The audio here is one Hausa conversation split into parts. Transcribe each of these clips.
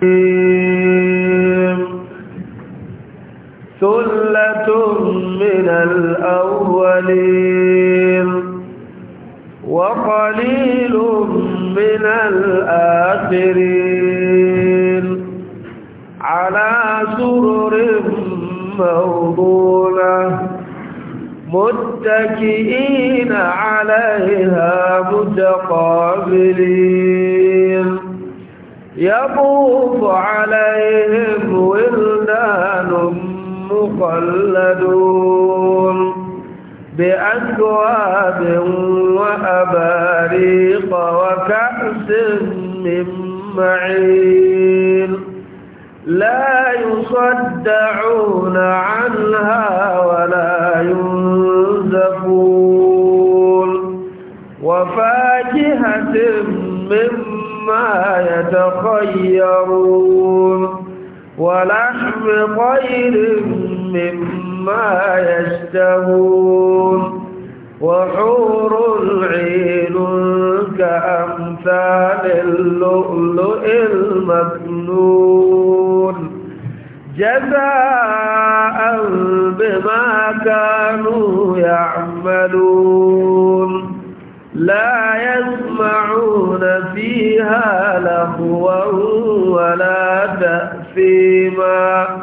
ثلة من الأولين وقليل من الآخرين على سرر موضونة متكئين عليها متقابلين يطوف عليهم ولدان مخلدون بأكواب وأباريق وكأس من معين لا يصدعون عنها ولا ينزفون وفاكهة من ما يتخيرون ولحم طير مما يشتهون وحور عين كأمثال اللؤلؤ المكنون جزاء بما كانوا يعملون لا يسمعون فيها لغوا ولا تأثيما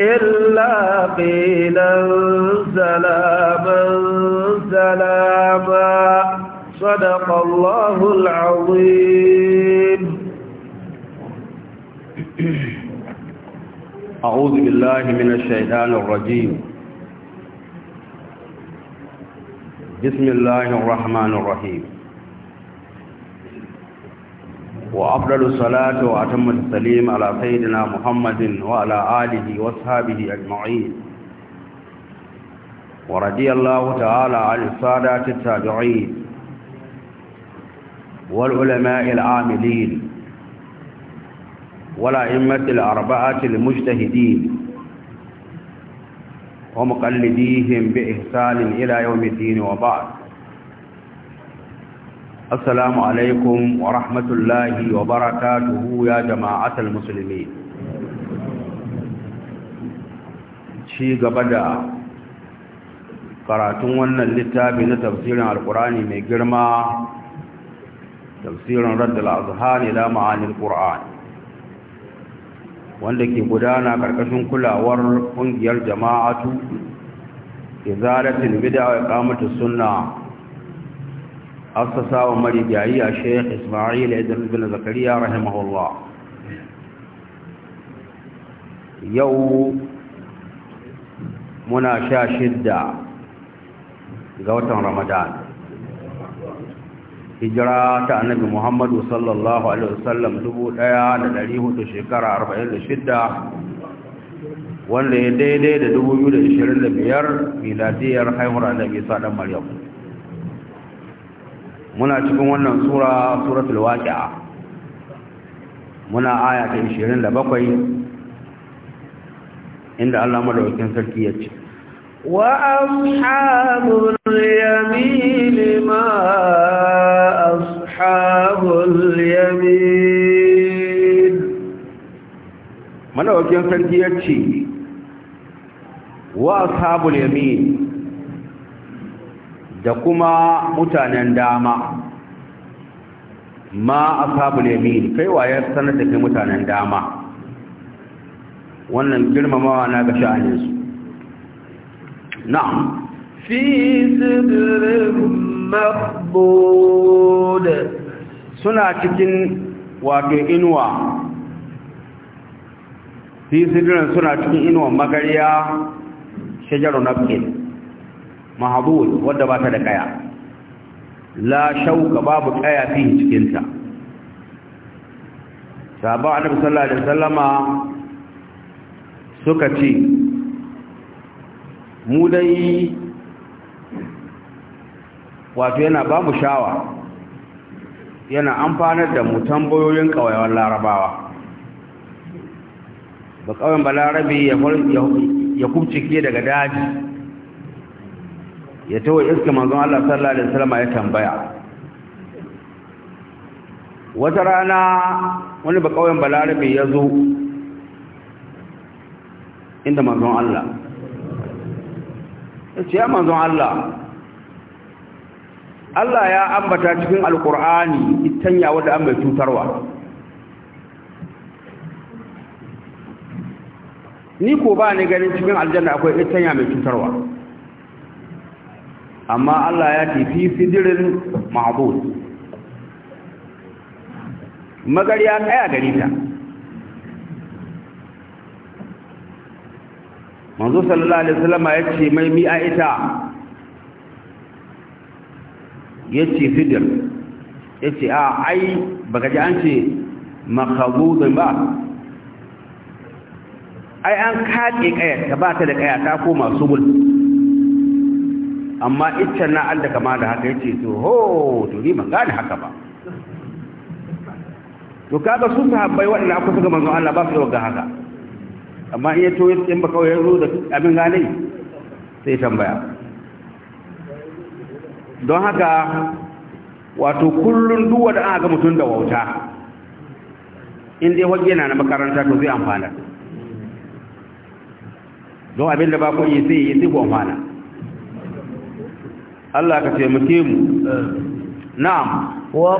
إلا قيلا سلاما سلاما صدق الله العظيم أعوذ بالله من الشيطان الرجيم بسم الله الرحمن الرحيم وأفضل الصلاة وأتم التسليم على سيدنا محمد وعلى آله وأصحابه أجمعين ورضي الله تعالى عن السادات التابعين والعلماء العاملين والأئمة الأربعة المجتهدين ومقلديهم بإحسان إلى يوم الدين وبعد السلام عليكم ورحمة الله وبركاته يا جماعة المسلمين شيء قبدا قراتون أن اللتاب لتفسير القرآن قرما تفسير رد الأظهار إلى معاني القرآن wanda ke gudana karkashin kulawar kungiyar jama'atu izalatul bid'a wa iqamatus sunna assasa wa marigayi a sheikh isma'il idris bin zakariya rahimahullah yau muna sha shidda ga watan ramadan hijira ta annabi muhammadu sallallahu alaihi wasallam 1400 shekara 46 wanda ya daidai da 2025 miladiyar haihuwar annabi isa dan maryam muna cikin wannan sura suratul waqi'a muna aya ta 27 inda Allah madaukakin sarki ya ce wa ashabul yamin اليمين من هو كان سرجي يتشي واصحاب اليمين da kuma mutanen dama ma ashabul yamin kaiwa ya sanar da mutanen dama wannan girmamawa na ga sha'anin su na'am fi sidrin suna cikin wato inuwa fi sidiran suna cikin inuwar magariya shajaru nafkin mahabul wadda ba ta da kaya la shauka babu kaya fi cikinta sabon annabi sallallahu alaihi wasallama suka ce mu dai wato yana ba shawa yana amfanar da mu tambayoyin ƙawayen larabawa ba ƙawayen balarabe ya kubcike daga daji ya tawo iska manzon Allah sallallahu Alaihi wasallam ya tambaya wata rana wani ba ƙawayen balarabe ya zo inda manzon Allah ya ce ya manzon Allah Allah ya ambata cikin alkur'ani itanya wanda an bai cutarwa ni ko ba ni ganin cikin aljanna akwai itanya mai cutarwa amma Allah ya ce fi sidirin ma'bud magariya kaya gari ta manzo sallallahu alaihi wasallam ya ce mai mi'a ita ya ce fidir ya ce a ai baka ji an ce makabudin ba ai an kaɗe ƙayata ba ta da ƙayata ko masu bul amma iccen na an da kama da haka ya ce to ho to ni ban gane haka ba to kaga su sahabbai waɗanda aka suka manzon Allah ba su yawa ga haka amma in ya to in ba kawai ya zo da abin gane sai tambaya don haka wato kullum duwa da aka mutum da wauta inda dai yana na makaranta to zai amfana don abinda ba ku yi sai yi zai amfana Allah ka taimake mu na'am wa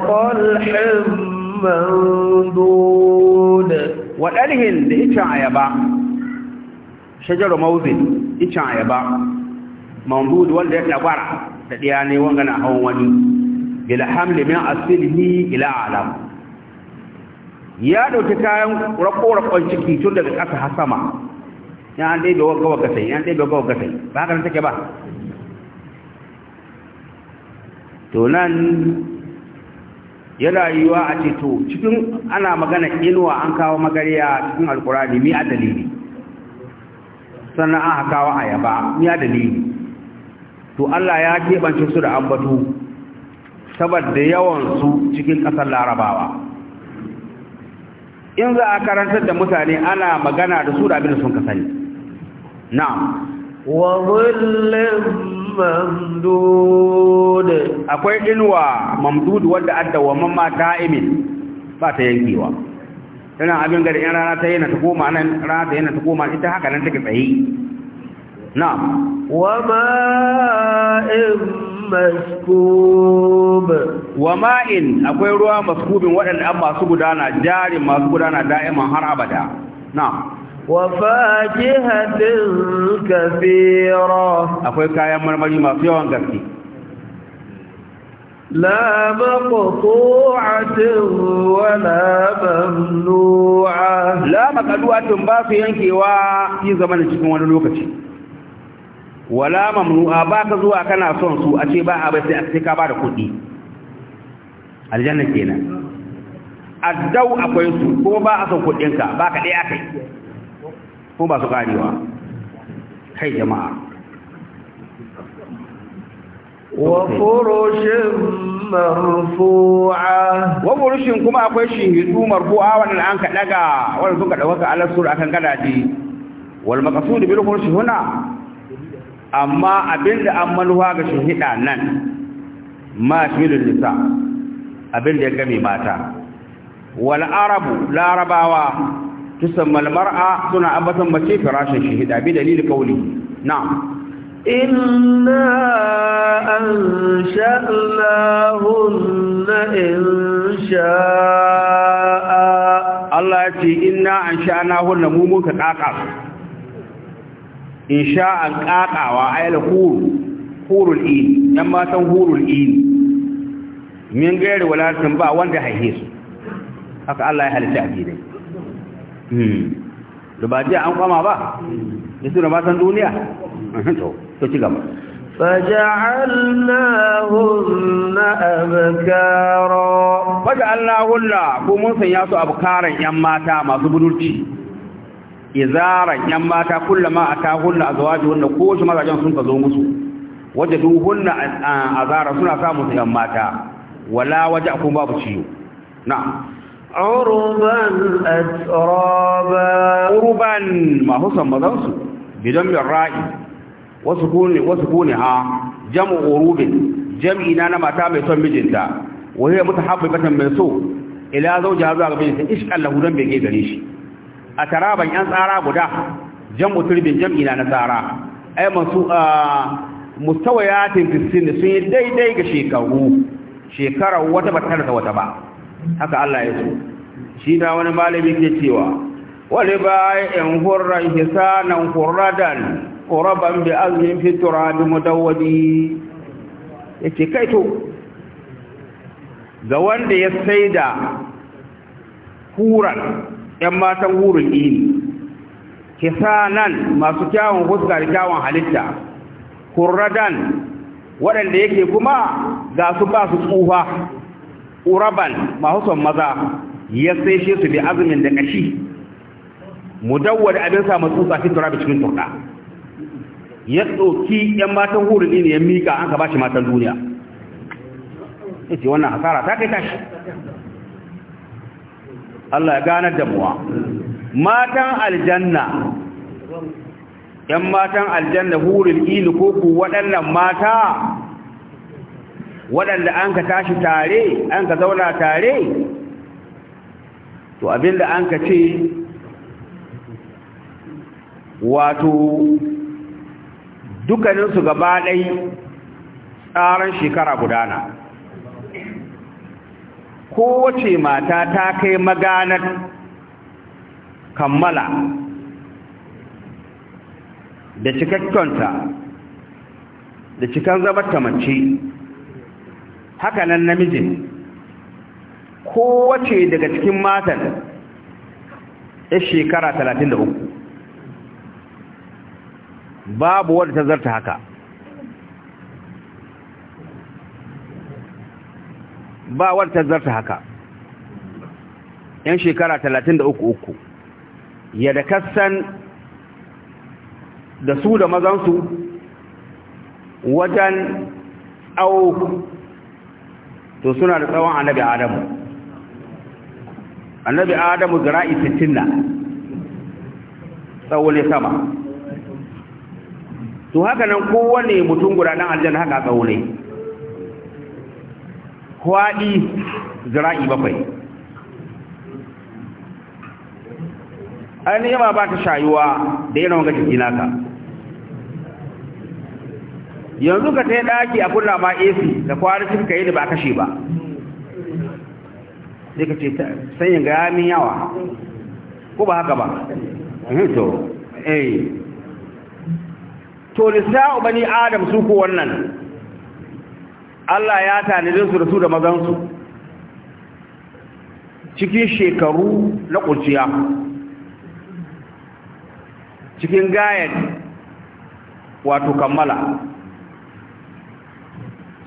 da. waɗalhin da icen ayaba shajaru mauzin icen ayaba mandud wanda ya tabara da ɗaya ne wanga na hawan wani bil hamli min aslihi ila alam ya dauki kayan rako ciki tun daga ƙasa har sama ya an dai da wagga wagga sai ya an dai da wagga wagga sai ba haka take ba to nan yana yiwa a ce to cikin ana magana inuwa an kawo magariya cikin alkurani mi a dalili sannan an kawo ayaba mi a dalili to Allah ya keɓance su da ambatu saboda yawansu cikin ƙasar larabawa in za a karantar da mutane ana magana da su da abin da sun kasani na'am wa zullim mamdud akwai inuwa mamdud wanda adda wa mamma ta'imin ba ta yankewa tana abin gari in rana ta yana ta koma nan rana ta yana ta koma ita haka nan take tsaye na'am wa ma'in maskub wa ma'in akwai ruwa maskubin waɗanda an masu gudana jari masu gudana har abada na'am wa fakihatin kathira akwai kayan marmari masu yawan gaske لا مقطوعة ولا ممنوعة لا مقطوعة باسو ينكي في زمن cikin wani lokaci wala mamnu'a ba ka zuwa kana son su a ce ba a bai sai ka ba da kuɗi aljanna kenan addau akwai su ko ba a son kuɗinka ba ka ɗaya kai ko ba su karewa kai jama'a wa furushin marfu'a wa furushin kuma akwai shingidu marfu'a wannan an ka daga wannan sun ka dauka alasur akan gadaje wal maqsud bil furushi huna amma abinda an manuwa ga shuhida nan ma shilul nisa abinda ya gami mata wal arabu larabawa tusammal mar'a suna ambatan mace firashin shahida bi dalil qawli na'am inna ansha'nahunna insha. Allah ya ce inna ansha'nahunna mu muka kaka In insha'an qaqawa ayal hur hurul in dan matan hurul in min gairi walatin ba wanda haihe su haka Allah ya halitta abidai hmm. ba jiya an kwama ba yasu da matan duniya to ci gaba فجعلناهن أبكارا فجعلناهن كمون سنياسو أبكارا يماتا ما سبدلتي izara yan mata kullama atahunna wanda ko shi mazajen sun ka zo musu a azara suna samun su yan mata wala waje kun babu ciyo na urban atraba urban ma husan mazan su bidan min ra'i wasu kuni wasu kuni ha jam'u urubin jam'i na mata mai son mijinta wa hiya mutahabbatan mai so ila zawjiha zuwa ga mijinta ishqan lahu dan bege gare shi a taraban yan tsara guda jam'u turbin jam'i na tsara ai masu mustawayatin fisin sun yi daidai ga shekaru shekarar wata ba tare da wata ba haka Allah ya so shi da wani malami ke cewa wani bayan hurra hisanan hurradan quraban bi azmin fi turab mudawadi yake kai to ga wanda ya saida huran ‘yan matan wurin ini, kisanan masu kyawun huska da kyawun halitta, kurradan waɗanda yake kuma ga su ba su tsufa, uraban masu maza ya sai shi su bi azumin da ƙashi, mu da abin samun tsufa fi turabi cikin turɗa. Ya tsoki ‘yan matan wurin ini ya miƙa an ka ba shi matan duniya. Ita wannan hasara ta kai tashi. Allah ya ganar da muwa matan aljanna yan matan aljanna hurul ilu ko ku waɗannan mata waɗanda an ka tashi tare an ka zauna tare to abinda an ka ce wato dukkaninsu gaba ɗai tsaran shekara gudana kowace mata ta kai maganar kammala da cikakkonta da cikan zabarta mace haka nan namijin kowace daga cikin matan ya shekara 33 babu wadda ta zarta haka ba wata zarta haka yan shekara 33 ya da kassan da su da mazansu wajen au to suna da tsawon annabi adamu annabi adamu zira'i 60 na tsawo ne sama to haka nan kowane mutum guda nan aljanna haka tsawo ne kwaɗi zira'i bakwai ainihin ba ta shayuwa da yana wanga jiki yanzu ka ta yi ɗaki a kunna ma ac da kwanacin ka yi da ba kashe ba sai ka ce sanyin ga yamin yawa ko ba haka ba eh, to eh to lissa'u bani adam su ko wannan Allah ya tanadin su da su da mazansu cikin shekaru na ƙulciya cikin gayan wato kammala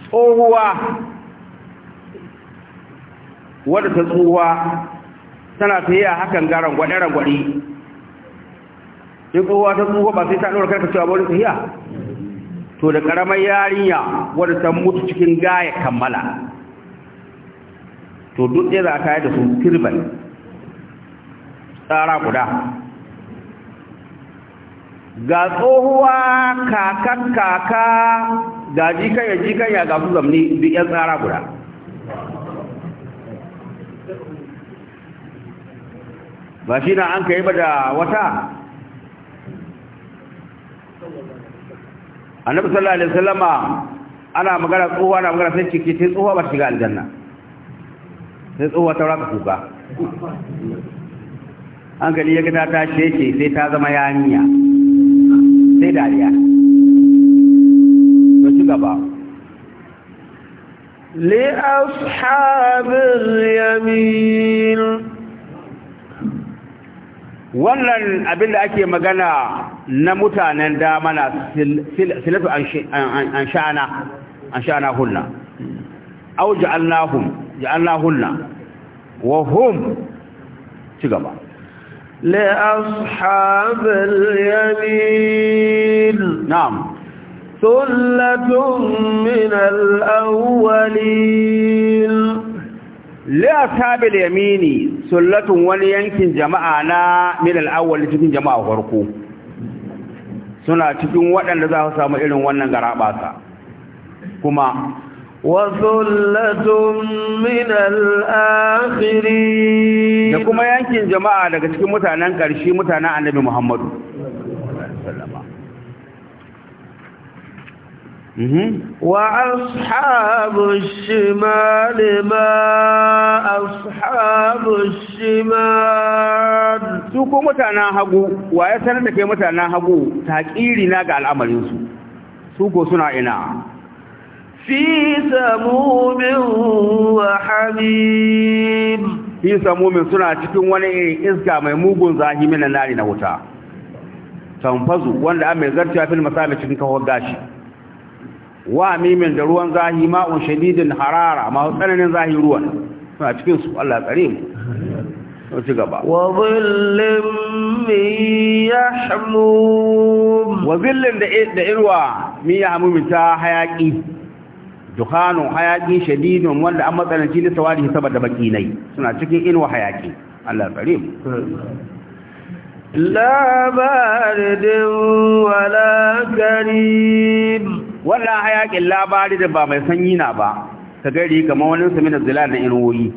tsohuwa wadda ta tsohuwa tana ta yi a hakan garan gwaɗe-ragwaɗe in tsohuwa ta tsohuwa ba sai ta ɗora karkacewa ba wani a? to da karamar yarinya wadda ta mutu cikin gaya kammala to duk ɗaya za a yi da su tirban tsara guda ga tsohuwa kakan kaka ga jikanya jikanya ga su zamni duk yan tsara guda ba shi na an ka yi ba da wata annabi sallallahu alaihi wasallam ana magana tsohuwa ana magana sai ciki sai tsohuwa ba shiga aljanna sai tsohuwa ta raka kuka hankali ya gada ta sheke sai ta zama yaniya sai dariya ba ci gaba li ashabil yamin wannan abin da ake magana na mutanen dama na silatu an sha'ana an sha'ana hulna, au ja'alnahum ja'alnahunna wa hum cigaba. ci yamin. Na'am. اليمين نعم ثلة من الأولين لأصحاب اليمين sullatun wani yankin jama'a na milal awwal cikin jama'a farko suna cikin waɗanda za su samu irin wannan garabasa kuma wasullatun minal akhiri da kuma yankin jama'a daga cikin mutanen ƙarshe mutanen annabi Muhammadu Wa asuhabu shima ne ma asuhabu shima ne. Suku mutanen hagu. Wa ya sanar da kai ga al'amarin su? Suko suna ina. Fisa mumin wa Habiba. Fisa mumin suna cikin wani iska mai mugun zahiri na wuta. Kamfazu, wanda Amina zai shafi na sami cikin kawon gashi. wa mimin da ruwan zahi ma'un shadidin harara ma tsananin zahi ruwan suna cikin su Allah tsare mu to ci gaba wa zillim min yahmum wa zillim da da irwa min ta hayaki dukhanu hayaki shadidun wanda an matsananci ne sawari saboda baki nai suna cikin inwa hayaki Allah tsare mu لا بارد ولا كريم wannan hayakin labari da ba mai sanyi na ba ta gari kamar wani sami da zila na inuwoyi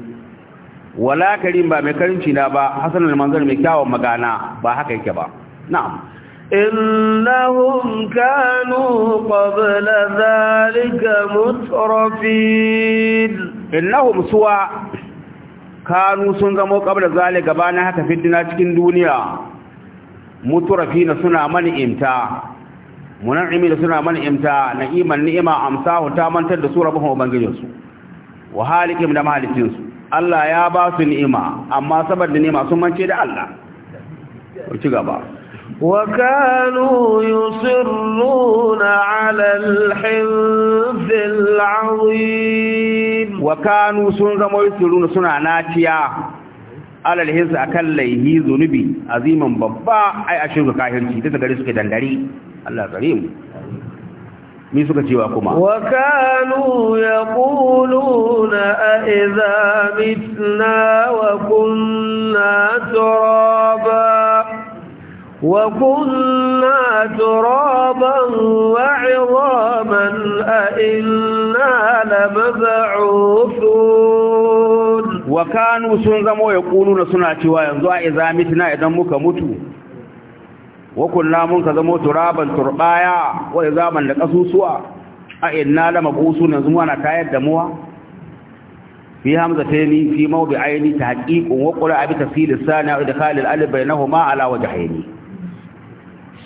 wala karim ba mai karinci na ba hasan al-manzar mai kyawun magana ba haka yake ba na'am innahum kanu qabla zalika mutrafin innahum suwa kanu sun zamo qabla zalika bana haka fitina cikin duniya mutrafina suna mani imta munan imi da suna mani imta na iman ni'ima amsa ta mantar da su rabuhun ubangijinsu wa halikim da mahalicinsu Allah ya ba su ni'ima amma sabar nima ni'ima sun mance da Allah ci gaba wa kanu yusirruna ala alhizbil azim wa kanu sun zama yusirruna suna naciya ala alhizbi akan laihi zunubi aziman babba ai ashirka kahirci ta gare suke dangare Allah tsare mu mi suka cewa kuma wa kanu yaquluna a idza mitna wa kunna turaba wa kunna turaban wa 'idhaman a inna lamab'uthun wa kanu sun zamo yaquluna suna cewa yanzu a idza mitna idan muka mutu wa kunna ka zamo turaban turbaya wa zaman da kasusuwa a inna la mabusun yanzu mu ana tayar ta yi fi hamzataini fi mawdi'aini tahqiqun wa qura'a bi ta as-sani a wa idkhal al-alif bainahuma ala wajhaini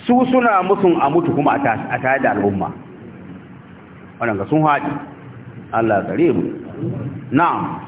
su suna musun a mutu kuma a tayar da al'umma wannan ga sun haɗi Allah ya kare mu na'am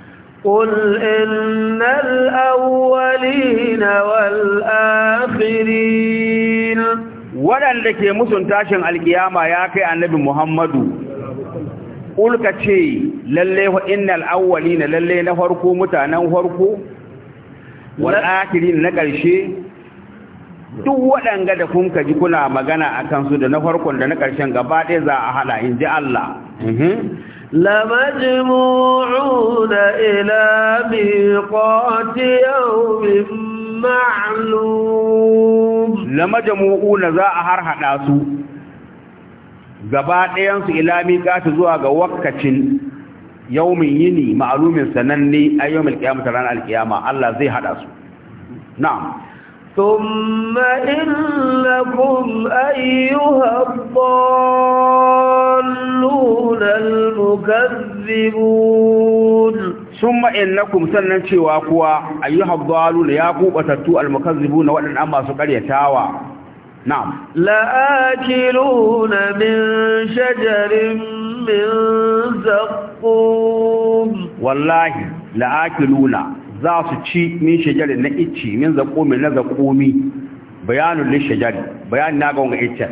قل إن الأولين والآخرين waɗanda ke musun tashin القيامة ya kai annabi Muhammadu قل كتشي لليه إن الأولين na farko mutanen farko wal duk waɗanga da kun kaji kuna magana akan su da na farkon da na ƙarshen gaba ɗaya za a hada in ji Allah mhm. لمجموعون إلى ميقات يوم معلوم لمجموعون ذا أهر su gaba ɗayansu ila miƙati zuwa ga wakacin yaumin yini ma'alumin sananne a yaumin alƙiyama ranar alƙiyama Allah zai haɗa su na'am ثم إنكم أيها الضالون المكذبون ثم إنكم سننشي وأقوى أيها الضالون ياقوب وتتو المكذبون وأن أما سكرية يتاوى نعم لآكلون من شجر من زقوم والله لآكلون za su ci min shajari na icci min zakomi na zakomi bayanun lin shajari bayanin na ga wanga iccen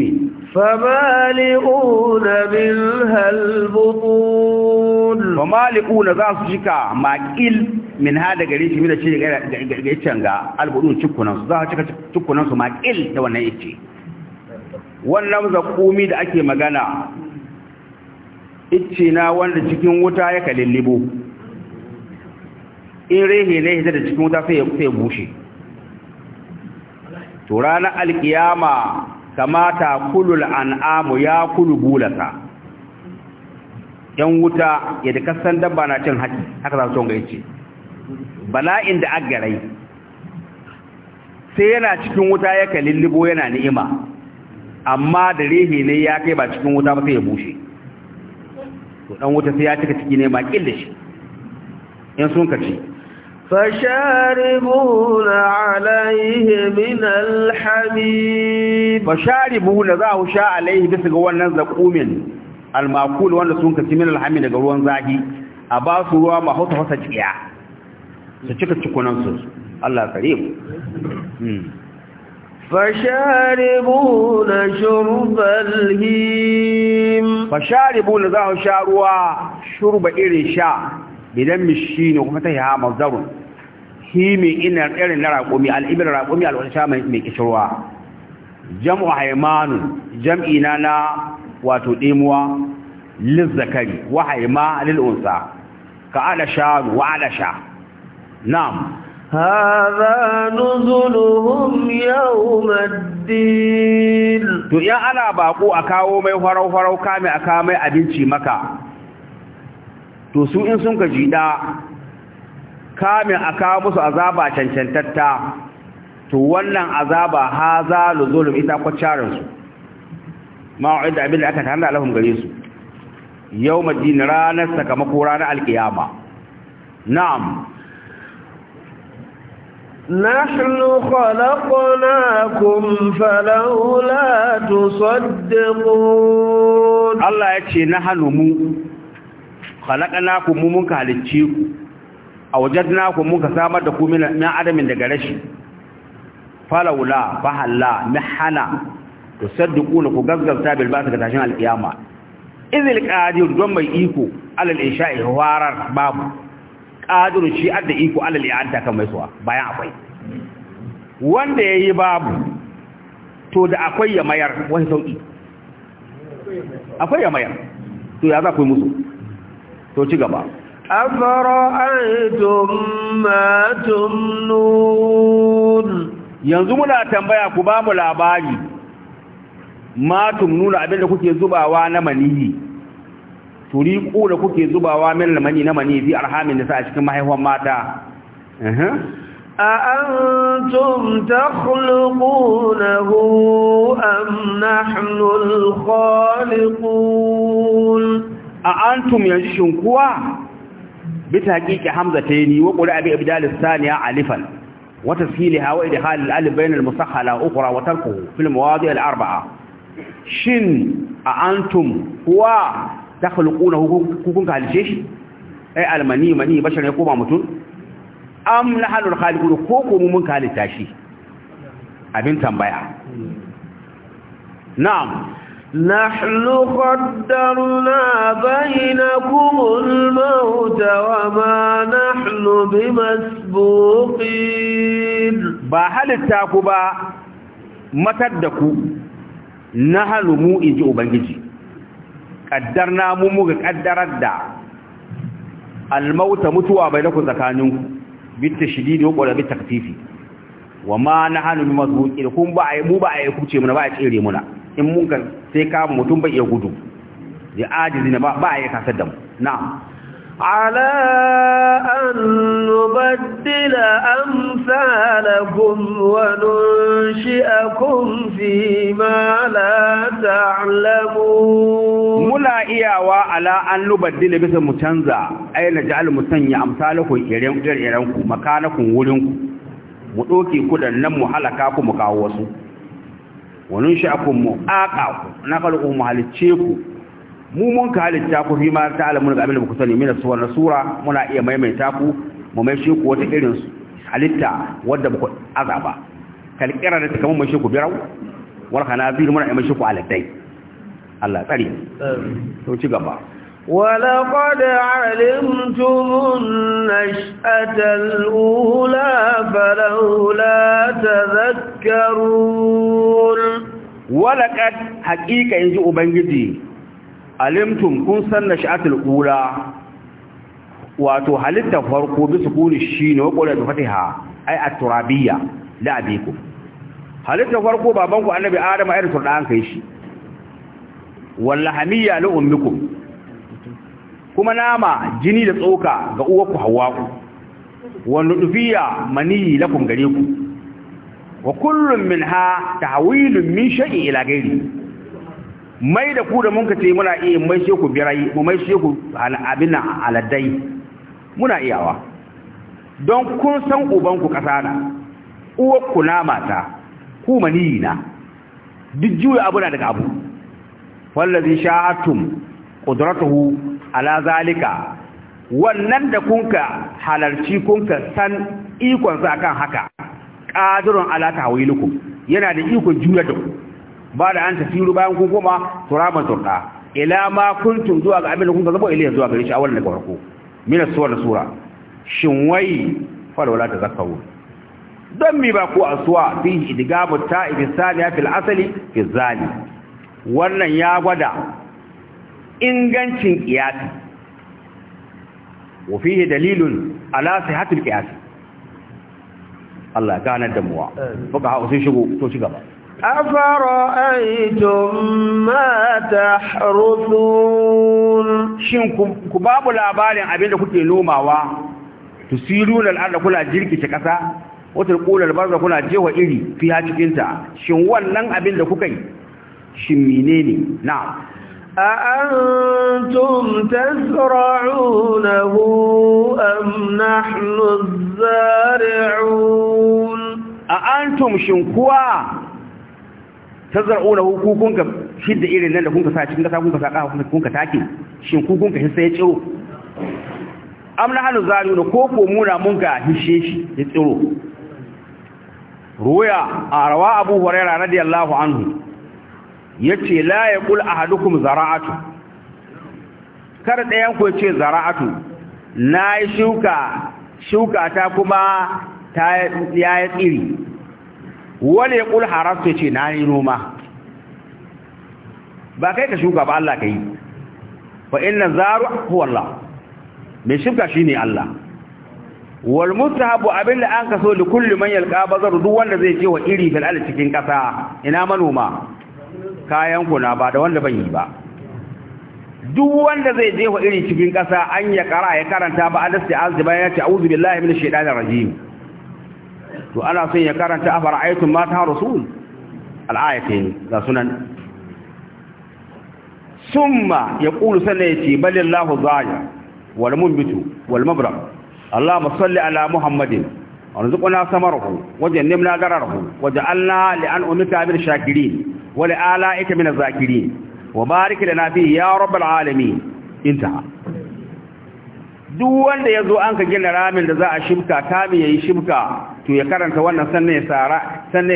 mi famali'una min halbutun famali'una za su cika maƙil min ha daga rishi min da ci daga iccen ga albutun cikunan su za su cika cikunan su maƙil da wannan icce wannan zakomi da ake magana icce na wanda cikin wuta ya libu in rehe ne ya da cikin wuta sai ya bushe to ranar alkiyama kamata kulul an'amu ya kulu bulata yan wuta ya da kasan dabba na cin haki haka za su tonga ya ce bala'in da agarai sai yana cikin wuta ya kalillibo yana ni'ima amma da rehe ne ya kai ba cikin wuta ba sai ya bushe to dan wuta sai ya cika ciki ne ma da shi in sun kaci فشاربون عليه من الحميم فشاربون ذاو شاء عليه بس ga wanda sun kaci min alhamid daga ruwan zaki a ba ruwa ma hausa hausa tsiya su فشاربون شرب الهيم فشاربون ذاو ruwa shurba irin sha idan mishi ne kuma ta yi ha mazdarun himin ina irin na raƙumi al'ibir raƙumi al'ulsha mai kishirwa jam'u haimanu jam'i na na wato ɗimuwa lizzakari wa haima lil'unsa ka ala sha wa ala alasha nam haza yau yawmaddin to ya ana baƙo a kawo mai farau-farau kame a kame abinci maka to su in sun ka jida kamin a kawo musu azaba cancantatta to wannan azaba haza luzulum ita kwacharin su ma'u'id da abin da aka tanda alahum gare su yau madina ranar sakamako ranar alkiyama na'am نحن خلقناكم فلولا تصدقون الله يتشي نحن مو khalaqana ku mu mun ka halicce ku a ku mun ka samar da ku min adamin daga rashi falawla Fahalla, mihana tusaddiquna ku gaggauta bil ba'sa ga tashin alqiyama izil qadir don mai iko alal insha'i warar babu qadir shi adda iko alal i'adda kan mai suwa bayan akwai wanda yayi babu to da akwai ya mayar wani sauki akwai ya mayar to ya za ku yi musu to ci gaba aitum ma tumnun yanzu muna tambaya ku ba mu labari ma tumnun abinda kuke zubawa na maniyi turiqu da kuke zubawa min lamani na mani fi arhamin nisa a cikin mahaihuwan mata أأنتم تخلقونه أم نحن الخالقون a antum yanzu shinkuwa? shin kuwa bi taqiqi hamzataini wa qura bi ibdal as-thaniya alifan Wata tasheelaha hawa idkhal halin alif bayna al-musahhala ukhra wa tarkuhu fi al-mawadi' arbaa shin a antum kuwa takhluqunahu kun ka halice shi ai almani mani bashar ya koma mutum am nahalul khaliqun ko kuma mun ka halitta shi abin tambaya na'am نحن قدرنا بينكم الموت وما نحن بمسبوقين با halittaku ba matar da ku nahnu mu inji ubangiji kaddarna mu muga kaddarar da almauta mutuwa bainakum tsakaninku bitta shididi wa qala bitakfifi wama nahnu bimasbuqin kun ba ai mu ba ai kuce muna ba a tsire muna in mun sai ka mutum bai iya gudu da ajizi na ba ya kasar da mu ala an nubaddila amsalakum wa nunshi'akum fi ma la ta'lamu mula iyawa ala an nubaddila bisa mu canza ayi na ja'al mu sanya amsalakum irin irin ku makanakum wurin ku mu doke ku dan nan mu halaka ku mu kawo wasu wani sha'akun mu aka ku na kalku mu halicce ku mu mun ka halitta ku fi ma ta alamun ga abin da ku sani mina suwar sura muna iya maimaita ku mu mai shi ku wata irin halitta wadda ku azaba kalkira da kamar mai shi ku birau wal khanazir muna iya mai shi ku aladai Allah tsari to ci gaba ولقد علمتم النشأة الأولى فلولا تذكرون ولقد حقيقة ينزئوا بنجدي علمتم كنسا النشأة الأولى واتو هل التفرقوا بسكون الشين وقولة فتحة أي الترابية لا بيكم هل التفرقوا بابنكم أنبي آدم أرسل الآن كيشي واللحمية لأمكم لأمكم kuma nama jini da tsoka ga uwarku hawa'u wa nudufiya maniyi lakum gare ku wa kullum min ha tahwilun min shay'in ila gairi mai da ku da mun kace muna iya mai shi ku birai mu mai shi ku abina aladai muna iyawa don kun san uban ku kasa na uwarku nama ta ku maniyi na duk juya abuna daga abu wallazi sha'atum qudratuhu ala zalika wannan da kunka halarci kunka san ikon sa akan haka qadirun ala tahwilukum yana da ikon juya da ba da an tafiru bayan kun koma turaban turda ila ma kuntum zuwa ga abin da kunka zabo ila zuwa gare shi a wannan daga farko min suwar sura shin wai fara wala tazakkaru don mi ba ku aswa fi idgamu ta ibsaliya fil asli fi zani wannan ya gwada ingancin ƙiyasi wafi yi dalilun alasai hatin ƙiyasi Allah ya ganar da muwa baka haku sun shigo to shiga ba a fara aitun mata rutun shi ku babu labarin abinda kuke nomawa ta siru lal'adda kula jirkice ƙasa watan ƙola albarza kuna jewa iri fiya ha cikinta shin wannan abinda kuka yi shin mine ne na أأنتم تسرعونه أم نحن الزارعون أأنتم شنكوا tazar'unahu ku kun ka shidda irin nan da kun sa cikin kasa kun ka saka take shin ku kun ka hisse ya tsiro amna hanu zaluna ko ko muna mun ga shi ya tsiro ruya a rawa abu hurairah radiyallahu anhu Ya yace la yaqul ahadukum zara'atu kar ɗayan ya ce zara'atu na yi shuka shuka ta kuma ya yi tsiri wani ya ƙul harastu ce na yi noma ba kai ka shuka ba Allah ka yi fa ina zaru huwa Allah mai shuka shi ne Allah wal mustahabu abinda an kaso da kulli man yalqa bazar duk wanda zai ce wa iri fil cikin ƙasa, ina manoma kayan kuna ba da wanda ban yi ba duk wanda zai jefa irin cikin ƙasa an ya kara ya karanta ba an da azaba ya ce a'udhu billahi minash shaitanir rajim to ana son ya karanta a ayatun ma ta rasul al-ayatin ga sunan summa yaqulu sana yace balillahu zaya wal mumbitu wal mabra, allahumma salli ala muhammadin warzuqna samarahu wajannibna dararahu waj'alna li an umika bil shakirin wal ala'ika min az-zakirin wa barik lana fi ya rabbal alamin intaha duk wanda ya zo an ka gina ramin da za a shimka ya yi shimka to ya karanta wannan sannan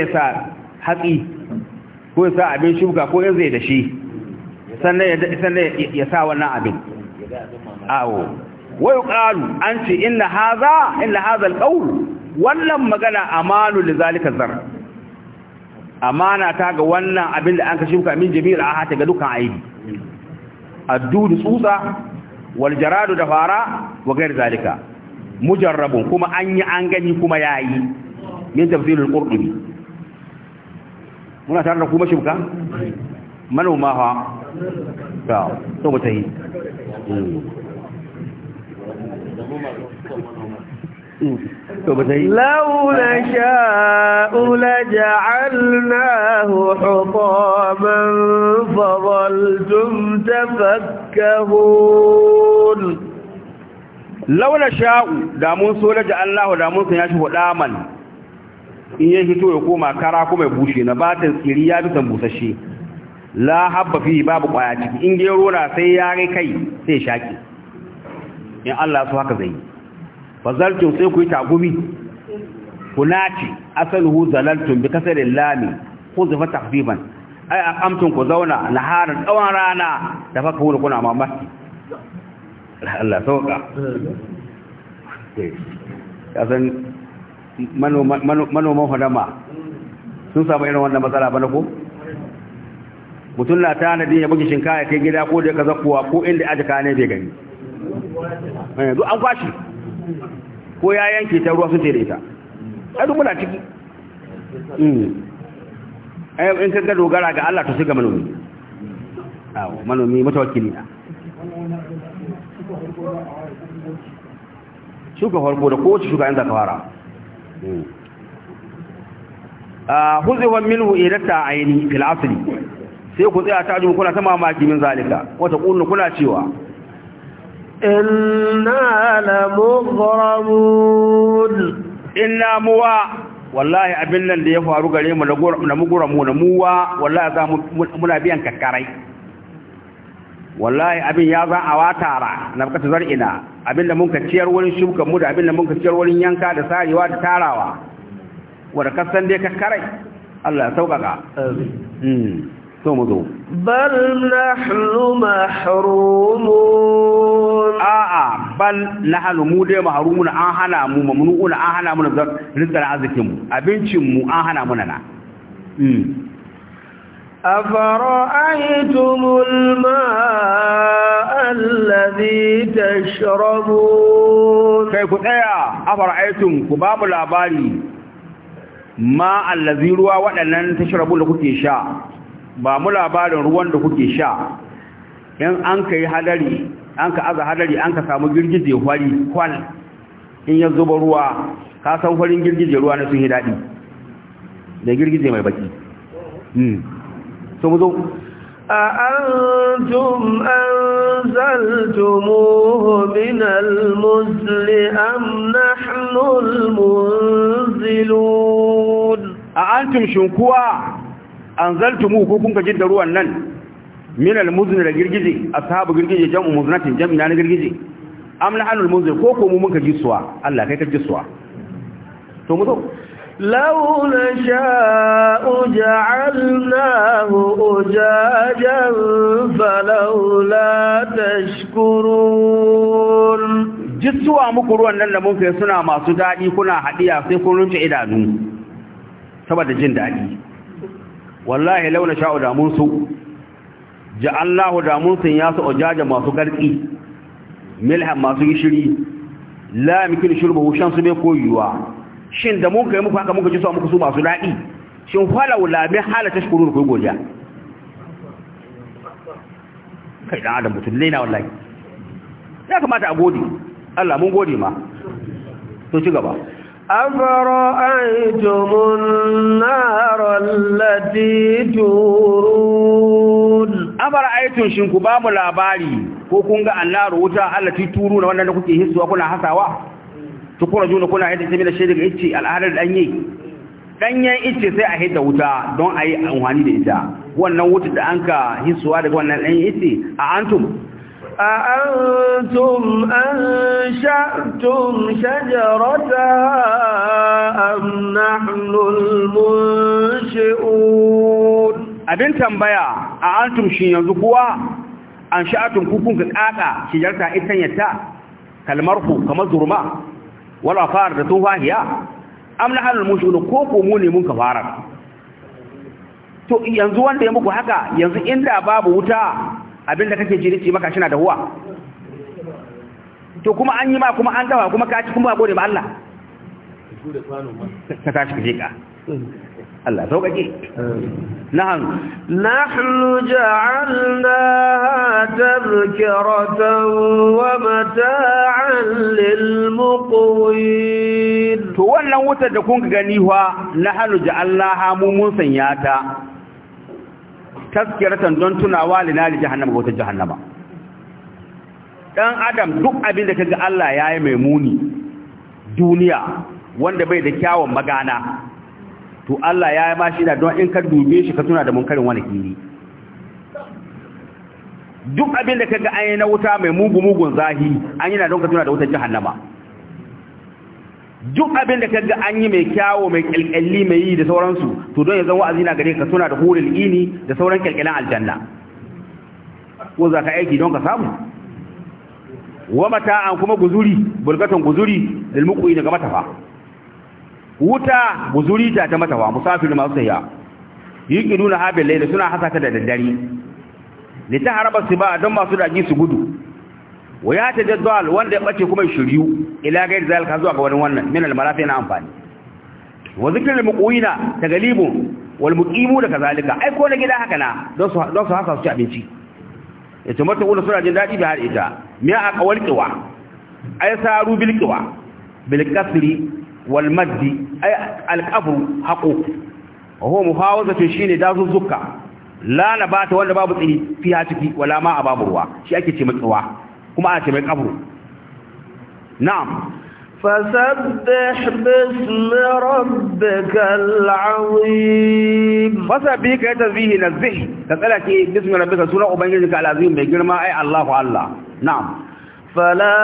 ya sa hatsi ko ya sa abin shimka ko yanzu ya da shi sannan ya sa wannan abin awo wai ƙalu an ce inna haza inna haza alƙaul wannan magana amanu da zalika zar amana ta ga wannan abin da an ka shuka min jami'ul ahata ga dukan aibi addudu tsutsa wal jaradu da fara wa gair zalika mujarrabun kuma an yi an gani kuma yayi min tafsirul qurtubi muna tare da kuma shibka manoma ha ta لو نشاء لجعلناه حطاما فظلتم تفكهون لو نشاء دامون سو لجعلناه دامون سن ياشي حطاما in ya hito ya koma kara kuma ya bushe na batin tsiri ya bisan busashe la habba fi babu kwaya ciki in gero na sai ya kai sai shaki in Allah su haka zai yi fazartum sai ku yi tagumi ku naci asaluhu zalaltum bi kasarin lami ku zafa takfiban ai aqamtum ku zauna naharan tsawon rana da fa ku kuna mamaki Allah sauka ya san manoman fadama sun samu irin wannan matsala ba na ko mutum na ta hana ya bugi shinka kai gida ko da ya kaza kowa ko inda aji ne bai gani eh, duk an kwashi ko ya yanke ta ruwa sun tere ta a duk muna ciki hmm. in ka ga dogara ga Allah to sai ga manomi awo manomi matawakkili na shuka farko da kowace shuka yanzu ka fara hmm. ah, huzewan minhu irata aini fil asli sai ku tsaya ta jin kuna ta mamaki min zalika wata kullu kuna cewa inna lamughlamun inna muwa wallahi abin nan da ya faru gare mu na muguramu na muwa wallahi za muna biyan kakkarai wallahi abin ya za a watara na bukatu zar'ina abin da muka ciyar wurin shuka, mu da abin da muka ciyar wurin yanka da sarewa da tarawa wadda kasan dai kakkarai Allah ya sauƙaƙa. to mu zo bal a'a bal nahnu mu dai mahrumun an hana mu mamnu'un an hana mu rizqan arzikin mu abincin mu an hana mu na أفرأيتم الماء الذي تشربون كيف تأيى أفرأيتم كباب الأباري ما الذي روى وأنن تشربون لكي شاء ba mu labarin ruwan da kuke sha in an ka yi hadari an ka aza hadari an ka samu girgije hwari kwal in ya zuba ruwa ka san hwarin girgije ruwa na sun yi daɗi da girgije mai baki hmm. so mu zo أأنتم أنزلتموه من المزل أم نحن المنزلون أأنتم شنكوا An mu ko kun gaji da ruwan nan min almuzni da girgije ashabu girgije jam'u muznatin jam'ina na girgije am lahanul muzni ko ko mu mun gaji suwa Allah kai ka ji suwa to mu zo لو sha'u ja'alnahu ujajan فلولا tashkurun jisuwa muku ruwan nan da mun kai suna masu daɗi kuna haɗiya sai kun rufe idanu saboda jin daɗi wallahi launa sha'u da mun su ja'allahu da mun sun ya su ojaja masu garki milha masu gishiri la mikin shurbu shan su be koyuwa shin da mun kai muku haka muka ji su muku su masu dadi shin falau wala bi halata shukurun ku goja kai da adam mutun laina wallahi ya kamata a gode Allah mun gode ma to ci gaba أفرأيتم النار التي تورون أفرأيتم شنك باب العبالي كوكونغ النار وجاء التي تورون وانا نكوكي هسوا كنا حسوا تقول جون كنا هيدا سمينا الشرق إتي الأهل الأنيي danyen ice sai a hita wuta don a yi amfani da ita wannan wuta da an ka hisuwa daga wannan danyen ice a antum أأنتم أنشأتم شجرتها أم نحن المنشئون abin tambaya a antum shin yanzu kuwa an sha'atun kukun ka kada shijarta itan yatta kalmar ku kamar zurma wala fara da tufahiya am na mu to yanzu wanda ya muku haka yanzu inda babu wuta abinda kake jirici maka shi na huwa? to kuma an yi ma kuma an dawa kuma ka ci kuma ba gode ma Allah ka tashi ka jika Allah sauƙaƙe nahnu nahnu ja'alnaha tadhkiratan wa mata'an lil muqwin to wannan wutar da kun gani fa nahnu ja'alnaha mu mun sanya ta taskiratan don tunawa linari jahannama wata jahannama dan adam duk abin da kaga Allah yayi mai muni duniya wanda bai da kyawun magana to Allah yayi ma shi da don in ka dube shi ka tuna da munkarin wani kiri duk abin da kaga an yi na wuta mai mugu mugun zahi an yi na don ka tuna da wutar jahannama duk abin da kaga an yi mai kyawo mai kyalkyalli mai yi da sauransu to don ya zan wa'azi na gare ka tuna da hurul ini da sauran kyalkyalan aljanna ko za ka aiki don ka samu wa mata an kuma guzuri bulgatan guzuri lil muqwi daga matafa wuta guzuri ta ta matafa musafir masu sayya yiqiduna habil layl suna hasaka da daddare litaharaba siba don masu daji su gudu wa ya tajaddal wanda ya bace kuma shiryu ila gairi zalika zuwa ga wani wannan min al na amfani wa zikrul muqina tagalibu wal da kazalika ai ko na gida haka na don su don su su ci abinci yace mata kula suna jin dadi da har ita miya a kawal qiwa ai saru bil qiwa bil kasri wal maddi haqu wa huwa muhawazatu shine dazu zukka la nabata wanda babu tsiri fiya ciki wala ma a babu ruwa shi ake ce mutsuwa kuma ana ce mai kabru na'am فسبح باسم ربك العظيم فسبح تسبيح نسبح تسألك باسم ربك سورة أبنجزك العظيم بجرما أي الله الله نعم فلا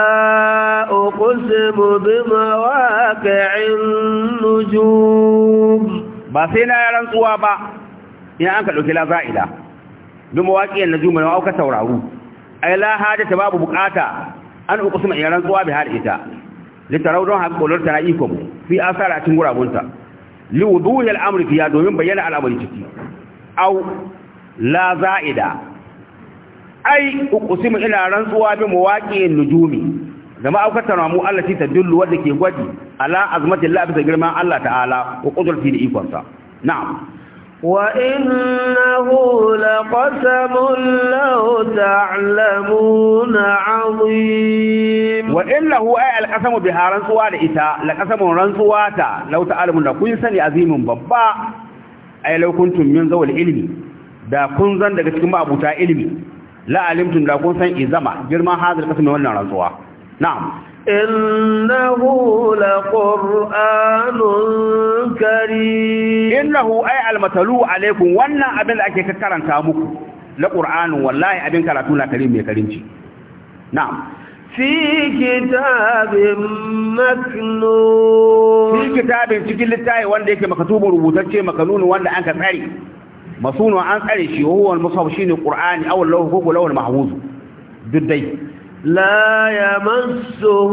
أقسم بمواقع النجوم بسينا يا رنسوا با يا أنك لكلا زائلة بمواقع النجوم أو كتوراه ai la ta babu bukata an uqsima in rantsuwa bi hada ita litaraudun haƙolar tana ikon fi asara a cikin gurabunta liwuduhil amri fiya domin bayyana al'amari ciki au la za'ida ai uqsimu ila rantsuwa bi muwaqi'in nujumi da ma'aukata mu Allah ta dullu wanda ke gwadi ala azmatillah bi girman Allah ta'ala wa qudratihi da ikonsa na'am وإنه لقسم لو تعلمون عظيم وإنه أي القسم بها رنسوا لإتا لقسم رنسواتا لو تعلمون كن سني عظيم ببا أي لو كنتم من ذو العلم da kun zan daga cikin mabuta ilimi la alimtum da kun san izama girman hadal kasmi wannan rantsuwa na'am innahu la qur'anun karim innahu ay almatalu alaykum wannan abin da ake karanta muku la qur'anun wallahi abin karatu la karim mai karinci na'am fi kitabin maknun fi kitabin cikin littafi wanda yake makatubu rubutacce makanun wanda an ka tsare masunu an tsare shi huwa al-musahab shine qur'ani aw lawhu lawhu mahfuz duddai لا يمسه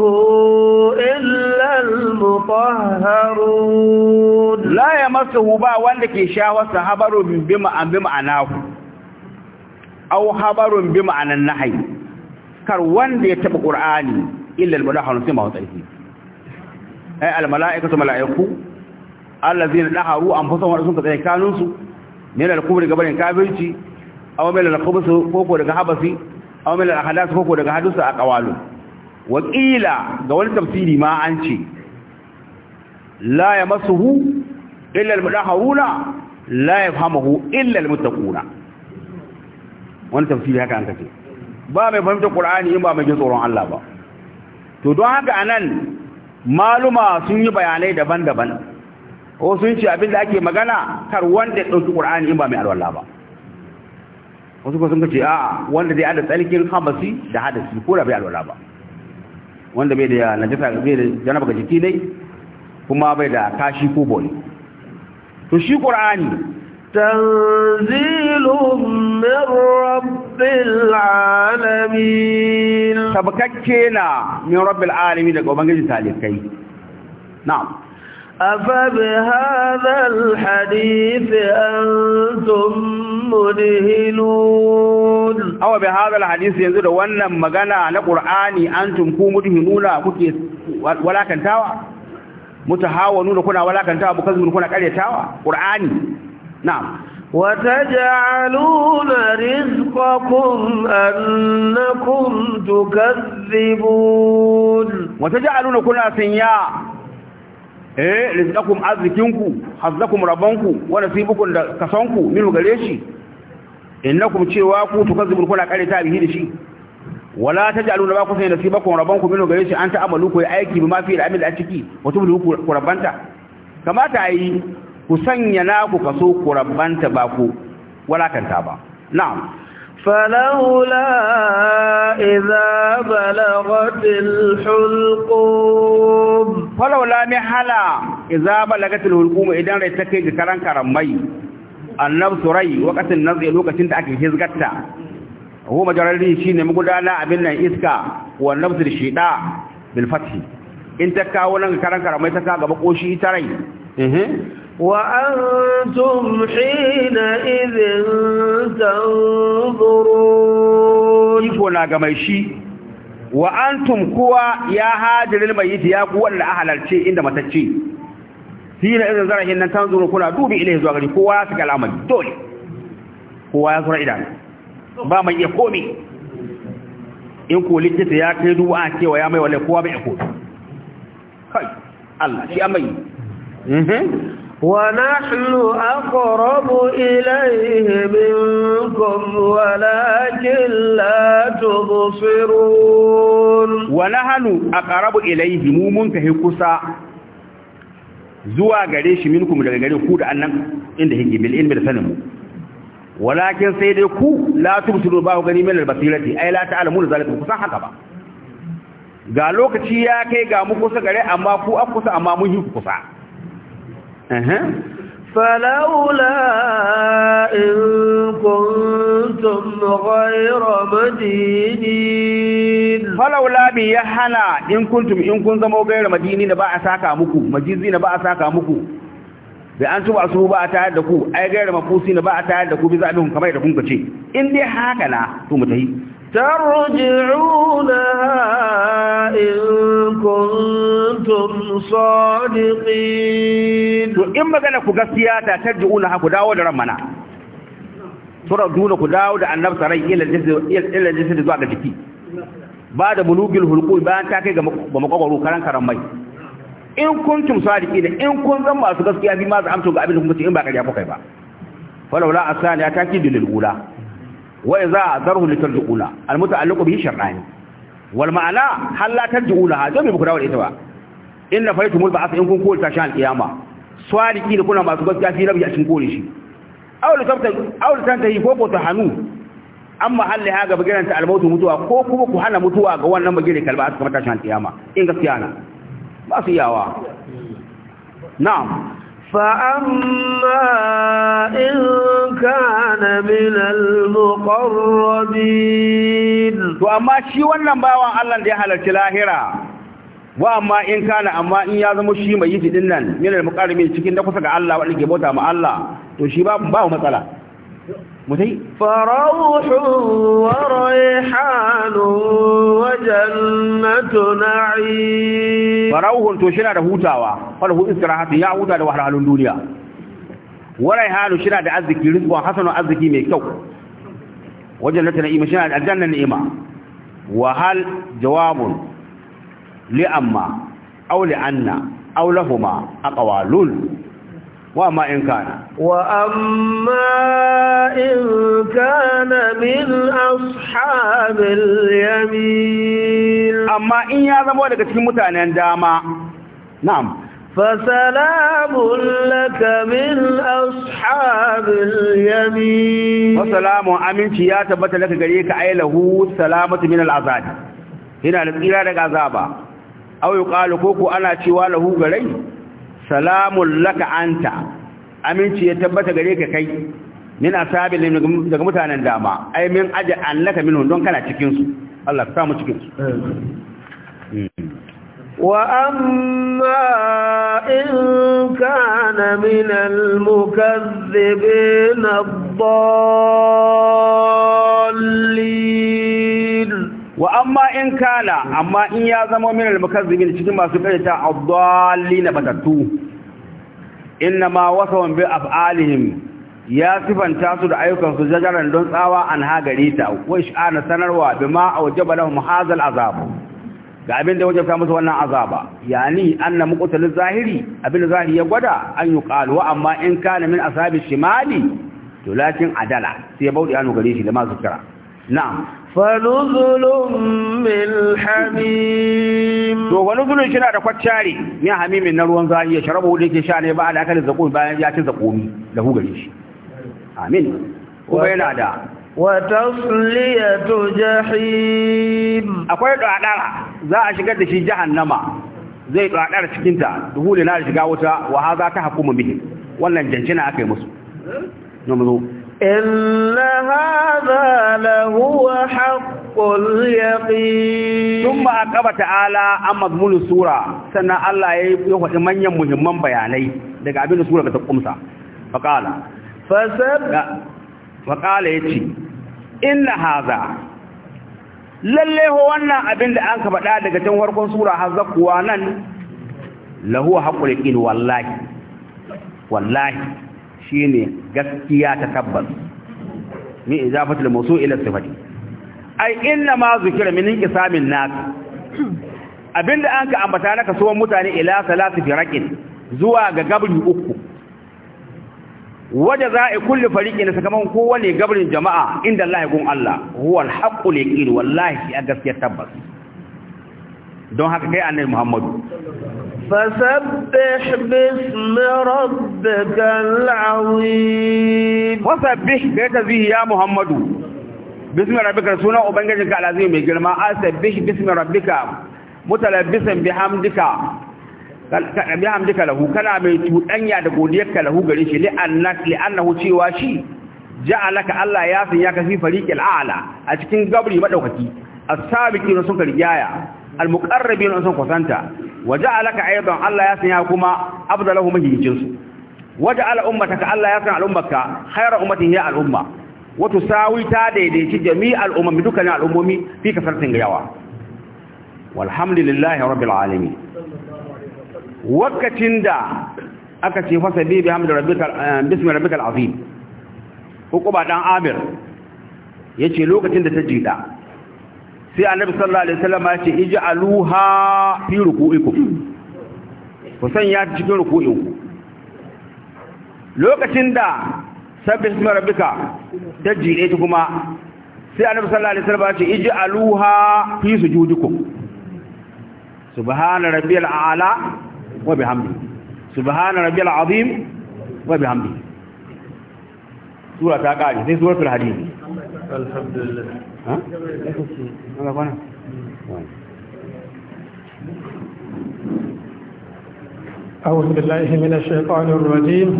إلا المطهرون لا يمسه با wanda ke shawarsa habarun bi ma'an bi ma'anahu aw habarun bi ma'anan nahi kar wanda ya taba qur'ani illa al-mudahharun sai ma tsarki ay al-mala'ikatu mala'iku allazina daharu anfusahum wa sun tsare kanunsu min al-kubri gabarin kafirci aw min al-khubuth ko ko daga habasi aw min al-ahdath ko daga hadusa a qawalu Wakila ga wani tafsiri ma an ce la yamassuhu illa al-mudahharuna la yafhamuhu illa al-muttaquna wani tafsiri haka an kace ba mai fahimta qur'ani in ba mai tsoron Allah ba to don haka anan maluma sun yi bayanai daban-daban ko sun ce abin da ake magana kar wanda ya ɗauki ƙur'ani in ba mai alwala ba wasu kuma sun ce a wanda zai ada tsalkin habasi da hadasi ko da bai alwala ba wanda bai da najasa bai da janaba ga jiki ne kuma bai da kashi ko boli to shi qur'ani tanzilun min rabbil alamin na min rabbil alamin daga ubangiji talikai na. أفبهذا الحديث أنتم مدهنون أو بهذا الحديث ينزل وانا مغانا على القرآن أنتم كو مدهنون ولا تاوى متهاونون كنا ولا كنتاوى مكذبون كنا تاوى قرآن نعم وتجعلون رزقكم أنكم تكذبون وتجعلون كنا سنياء eh rizqakum arzikinku hazzakum rabanku wa nasibukum da kasanku minu gare shi innakum cewa ku tukazzibul kuna ta bihi da shi wala taj'aluna ba ku sai nasibakum rabanku minu gare shi an ta'amalu ku aiki bi ma fi al'amil a ciki wato mu ku rabanta kamata ayi ku sanya naku kaso ku rabanta ba ku walakanta ba na'am فلولا إذا بلغت الحلقوم فلولا محلا إذا بلغت الحلقوم إذا رأيتكي كران كرمي النفس ري وقت النزع لوقت انت أكي هزغتا هو مجرده شيني مقدانا أبنى إسكا والنفس الشيطاء بالفتح انت كاولا كران كرمي تكا قبقوشي تري وأنتم حينئذ تنظرون يكون أغميشي وأنتم كوا يا هاجر الميت يا كوا اللي أهل الشيء عندما تتشي حينئذ زره أن تنظروا كنا دوب إليه زوغري كوا ياسك العمل دولي كوا ياسر إلان ba mai iya komi in ko likita ya kai duwa a cewa ya mai wale kowa bai iya kai Allah shi amai mhm ونحن أقرب إليه منكم ولكن لا تبصرون ونحن أقرب إليه مومن كهكسا zuwa gare shi minkum daga gare ku da annan inda hige bil ilmi da sanin mu walakin sai dai ku la tubsiru ba gani min al basirati ai la ta'lamu zalika ku san haka ba ga lokaci ya kai ga mu kusa gare amma ku akusa amma mun yi kusa فلولا إن كنتم غير مدينين فلولا بيهنا إن كنتم إن كنتم غير مدينين بقى ساكا مكو مجيزين بقى ساكا مكو da an su ba a tayar da ku ai gaira mafusi na ba a tayar da ku bi zaɓin kamar da kun ce in dai haka na to mu tahi ترجعونها إن كنتم صادقين إن مغانا قصياتا ترجعونها لرمنا سورة دون كداو عن نفس رأي إلا الجسد زواج الجكي بعد ملوك الهلقوي بان تاكي بمقاقروا كران كرمي إن كنتم صادقين إن كنتم zan masu gaskiya bi ma za amto ga abin da kuma ce in ba kariya وإذا ذره لترجعوا لها المتعلق به شرعان والمعنى هل لا ترجعوا لها دومي بكرة والإتواء إن فريتم البعث إن كن قول تشان القيامة صالحين كنا ما تبقى في نبي أشن قول شيء أو لتنتهي فوق تحنو amma halli haga bagiran ta almautu mutuwa ko kuma ku hana mutuwa ga wannan bagire kalba a cikin tashin kiyama in gaskiya na ba su yawa na'am فأما إن كان من المقربين وأما شي wannan bawan Allah da ya halarci lahira wa amma in kana amma in ya zama shi mai yi din nan min cikin da kusa ga Allah wanda ke bauta ma Allah to shi ba matsala مدي فروح وريحان وجنة نعيم فروح توشنا ده هوتاوا هو استراحه يا هوتا ده وحال الدنيا وريحان شنا ده ازكي رزق hasanu arziki mai kyau وجنة نعيم شنا ده الجنه نعيم وهل جواب لأما أو لأن أو لهما أقوال وأما إن كان وأما إن كان من أصحاب اليمين أما إن يعظم ولك تكمتان عندما نعم فسلام لك من أصحاب اليمين وسلام أمين يا تبت لك غريك عيله سلامة من العذاب هنا لك إلى لك عذابا أو يقال كوكو أنا شوى له غريك salamun laka anta aminci ya tabbata gare ka kai min ne daga mutanen dama ai min an laka min don kana cikin Allah ka samu cikin su wa amma in kana min al-mukaththibin ad-dallin wa amma in kana amma in ya zama min al-mukazzibin cikin masu karita ad-dallina batatu inna ma wasawan bi af'alihim ya sifanta su da ayyukan su jajaran don tsawa an hagari ta Wai sha'ana sanarwa bima awjaba lahum hadha al-azab ga abin da wajabta musu wannan azaba yani anna muqtal zahiri abin zahiri ya gwada an yuqalu wa amma in kana min ashabi shimali to lakin adala sai baudi anu gare shi da masu kira na'am فنزل من حميم to wani zulun shi na da kwacciyare min hamimin na ruwan zahi ya sharabu da yake sha ne ba da akalin zakumi bayan ya ci zakumi da hugare shi amin kuma yana da wa tasliyatu jahim akwai dadara za a shigar da shi jahannama zai dadara cikin ta duhuli na shiga wuta wa haza ta hukumu bihi wannan jancina akai musu إن هذا لهو حق اليقين ثم أقب تعالى أن مضمون السورة سنة الله يوحي من يمهم بياني daga abin da sura ta kumsa faqala fasab faqala yace inna hadha lalle wannan abin da an ka faɗa daga can farkon sura hazza kuwa nan lahu haqqul yaqin wallahi wallahi shine gaskiya ta tabbas min izafatu al-mawsu' ila sifati ai inna ma zikira min inqisamin nas abinda an ka ambata naka so mutane ila salati raqin zuwa ga gabri uku waje za a kulle fariki na sakamakon kowane gabrin jama'a inda Allah ya gun Allah huwa alhaqqu liqil wallahi a gaskiya tabbas don haka kai annabi Muhammadu فسبح باسم ربك العظيم وسبح بتزيه يا محمد باسم ربك سنة وبنجك العظيم يجرما أسبح باسم ربك متلبسا بحمدك bihamdika lahu kana mai tudanya da godiyarka lahu gare shi li'annak li'annahu cewa shi ja'alaka Allah ya san ya kafi fariqil a'la a cikin gabri madaukaki as-sabiqina sun kariyaya al-muqarrabin sun kusanta waja'alaka aidan Allah ya sanya kuma afdalahu mahiyin su waja'ala ummataka Allah ya sanya al'ummaka khayra ummatin hiya al'umma wa tusawi ta daidaici jami'al ummi dukkan al'ummomi fi kasartin gayawa walhamdulillahi rabbil alamin wakacin da aka ce fa bi bi hamdu rabbikal bismi rabbikal azim hukuma dan amir yace lokacin da ta jida sai annabi sallallahu alaihi wasallam ya ce ij'aluha fi ruku'ikum ku sanya ta cikin ruku'inku lokacin da sabbi ismi rabbika ta jide ta kuma sai annabi sallallahu alaihi wasallam ya ce ij'aluha fi sujudikum subhana rabbiyal a'la wa bihamdi subhana rabbiyal azim wa bihamdi sura ta kare sai suratul hadid الحمد لله ها؟ أعوذ بالله من الشيطان الرجيم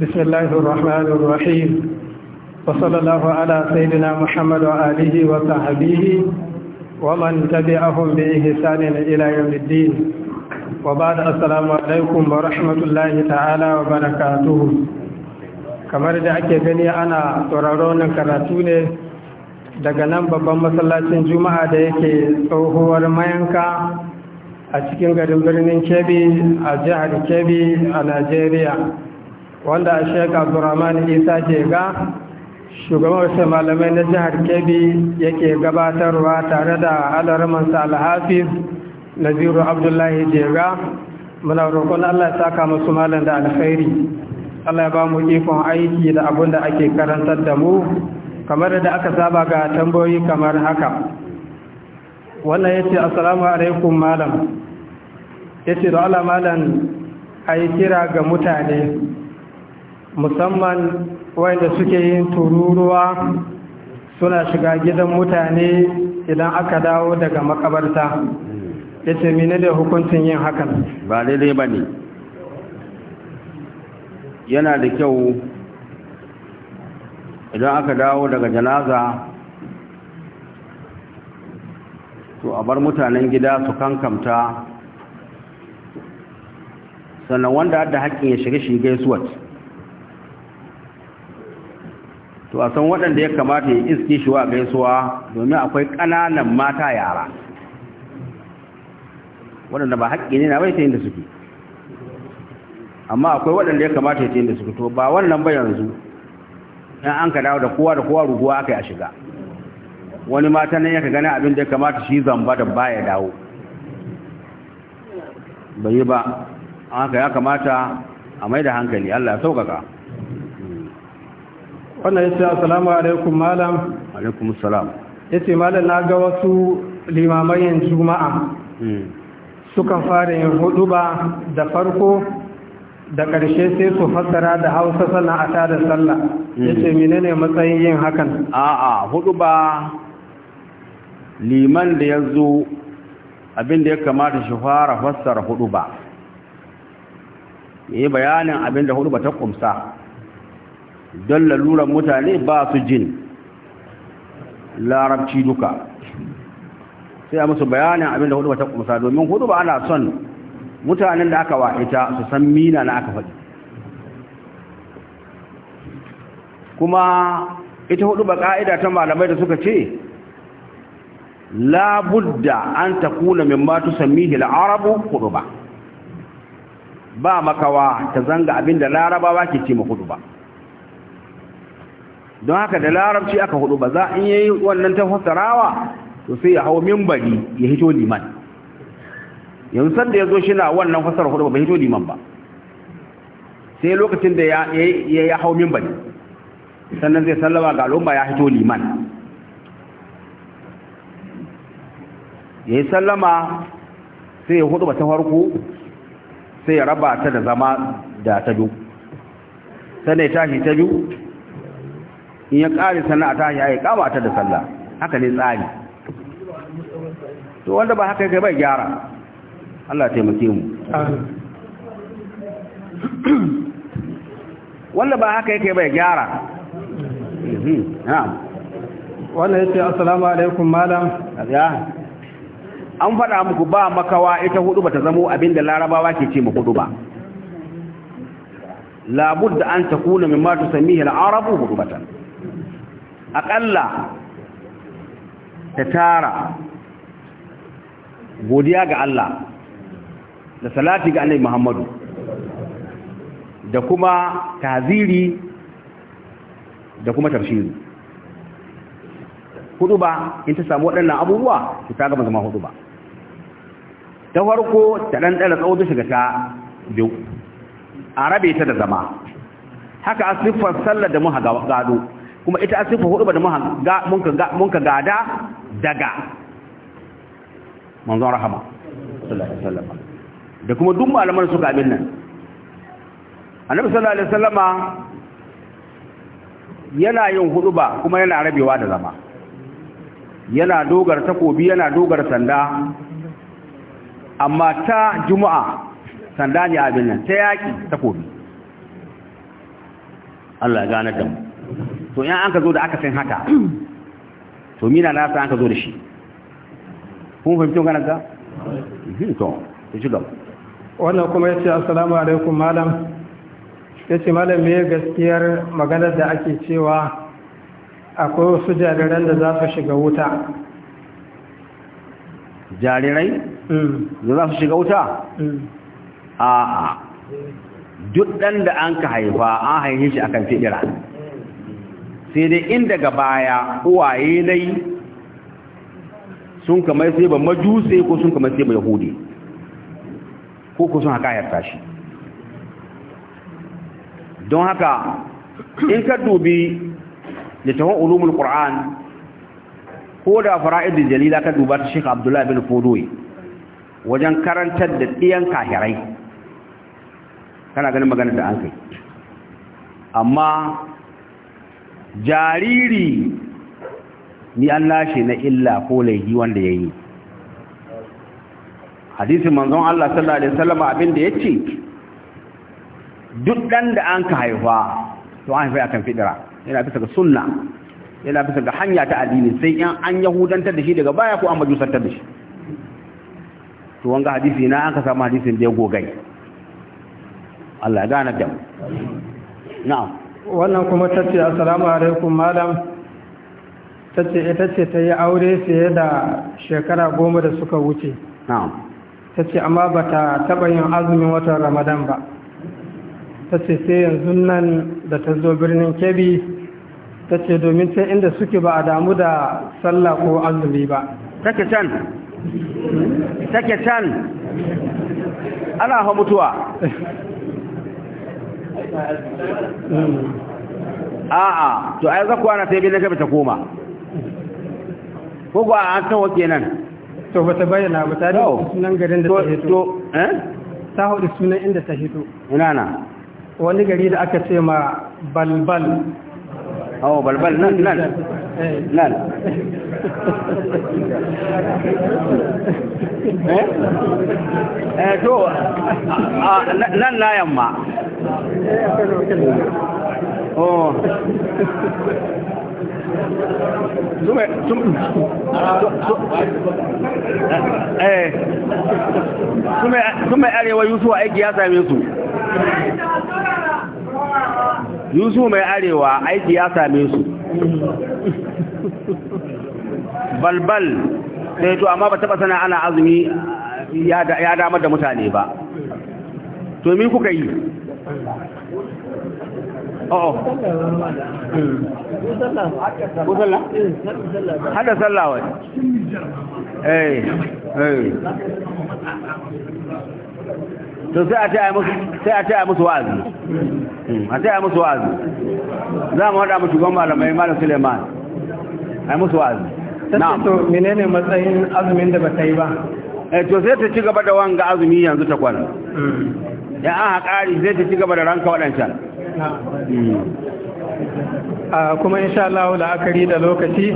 بسم الله الرحمن الرحيم وصلى الله على سيدنا محمد وآله وصحبه ومن تبعهم بإحسان إلى يوم الدين وبعد السلام عليكم ورحمة الله تعالى وبركاته kamar da ake gani ana tsoron nan karatu ne daga nan babban masallacin juma'a da yake tsohuwar mayanka a cikin garin birnin kebbi a jihar kebbi a najeriya wanda a sheik abdurrahman isa ga shugaban wasu malamai na jihar kebbi yake gabatarwa tare da alaramansa alhafiz naziru abdullahi jega muna roƙon allah ya saka musu malam da alkhairi Allah ya ba mu ikon aiki da abin da ake karantar da mu kamar da aka saba ga tambayoyi kamar haka wannan yace assalamu alaikum malam yace da Allah malam yi kira ga mutane musamman wanda suke yin tururuwa suna shiga gidan mutane idan aka dawo daga makabarta yace menene hukuncin yin hakan ba daidai bane yana da kyau idan aka dawo daga janaza to a bar mutanen gida su kankamta sannan wanda hada haƙƙin ya shiga shi gaisuwat to a san waɗanda ya kamata ya iske shi wa gaisuwa domin akwai ƙananan mata yara waɗanda ba haƙƙi ne na bai ta yin da suke amma akwai waɗanda ya kamata ya ce da su fito ba wannan ba yanzu in an ka dawo da kowa da kowa ruguwa aka yi a shiga wani mata nan yaka gani abin da ya kamata shi zamba da baya dawo bai yi ba haka ya kamata a mai da hankali Allah ya sauƙaƙa wannan yace assalamu alaikum malam alaikum assalam yace malam na ga wasu limamayen juma'a hmm. sukan fara yin hudu ba da farko da ƙarshe sai su fassara da hausa sana a tada sallah hmm. ya ce ne matsayin yin hakan a'a hudu ba liman da ya zo abinda ya kamata shi fara fassara hudu ba ya yi bayanin abinda hudu ba ta kumsa don laluran mutane ba su jin larabci duka sai a musu bayanin abinda hudu ba ta kumsa domin hudu ba ana son mutanen da aka wa'ita su san mina na aka faɗi kuma ita hudu ba ƙa'ida ta malamai da suka ce labudda an takuna mimma tusammihi sami arabu hudu ba ba makawa ta zanga abinda larabawa ke ce ma ba, don haka da larabci aka ba za in yi wannan ta fassarawa to sai ya hau mimbari ya hito liman yanzu da ya zo shi na wannan fasar hudu ba hito liman ba sai lokacin da ya ya hau min bane sannan zai sallama ga al'umma ya hito liman ya yi sallama sai ya hudu ba ta farko sai ya raba ta da zama da ta biyu sannan ya tashi ta biyu in ya ƙari sannan a tashi ya kama ta da sallah haka ne tsari to wanda ba haka kai bai gyara Allah taimake mu wanda ba haka yake bai gyara mhm, wanda yake assalamu alaikum malam an faɗa muku ba makawa ita hudu ba ta zamo abinda larabawa ke ce ma hudu ba labud da an takuna min matu samihi al'arabu hudu batan aƙalla ta tara godiya ga Allah da salati ga annabi muhammadu da kuma taziri da kuma tafsiri hudu ba in ta samu waɗannan abubuwa ta ta gama zama hudu ba ta farko ta ɗanɗana ɗara tsawo ta shiga ta biyu a rabe ta da zama haka asifar sallar da mun gado kuma ita asifar hudu ba da mun ka gada daga manzon rahama sallallahu alaihi wasallam da kuma duk malaman suka abin nan annabi sallallahu alaihi wasallama yana yin huduba kuma yana rabewa da zama yana dogar takobi yana dogar sanda amma ta juma'a sanda ne abin nan ta yaki takobi Allah gane da mu to in an ka zo da aka san haka to mina na san an ka zo da shi kun fahimci wannan ga to to gaba wannan kuma ya ce assalamu alaikum malam ya ce malam mai gaskiyar maganar da ake cewa akwai wasu jariran da za su shiga wuta jarirai mm. da za su shiga wuta mm. a duk ɗan da an ka haifa an haifin shi akan fiɗira sai dai inda daga baya uwaye dai sun kamar sai ba majusai ko sun kamar sai ba yahudi ko ku suna haƙayarta shi don haka in ka dubi littafin ulumul qur'an ko da da jalila ka duba ta Sheikh abdullahi bin Fodoy wajen karantar da ɗiyan kahirai kana ganin magana da an kai amma jariri ni an lashe na illa ko laifi wanda ya yi. hadisin manzon Allah sallallahu alaihi wasallam abinda yace duk dan da an ka haifa to an haifa akan fidira yana bisa ga sunna yana bisa ga hanya ta addini sai in an yahudantar da shi daga baya ko an majusantar da shi to wanga hadisi na an ka samu hadisin da ya gogai Allah ya gana da mu na'am wannan kuma tace assalamu alaikum malam tace ita ce ta yi aure fiye da shekara goma da suka wuce na'am ta ce amma ba ta taɓa yin azumin watan ramadan ba ta ce sai yanzu nan da ta zo birnin kebbi ta ce domin ta inda suke ba a damu da sallah ko azumi ba take can take can ana hau mutuwa hmm. a'a to ai zakuwa na ta yi bin na kebbi ta koma ko ba a an san to ba ta bayyana ba ta da sunan garin da ta hito eh? ta hudu sunan inda ta hito ina na wani gari da aka ce ma balbal oh balbal nan nan eh, eh? eh to nan na yamma oh Eh, tume tume arewa yusu aiki ya same su yusu mai arewa aiki ya same su balbal sai eh, to amma ba taba sana ana azumi ya damar da mutane ba to mi kuka yi Oh. hada sallah wai eh eh to sai a taya musu sai a taya musu wa'azi hmm, a ce taya musu wa'azi za mu hada musu gamba da mai malam Suleiman ai musu wa'azi na'am to menene matsayin azumin da ba ta yi ba eh to sai ta ci gaba da wanga azumi yanzu ta kwana hmm. ya an haƙari sai ta ci gaba da ranka waɗancan kuma insha Allah la'akari da lokaci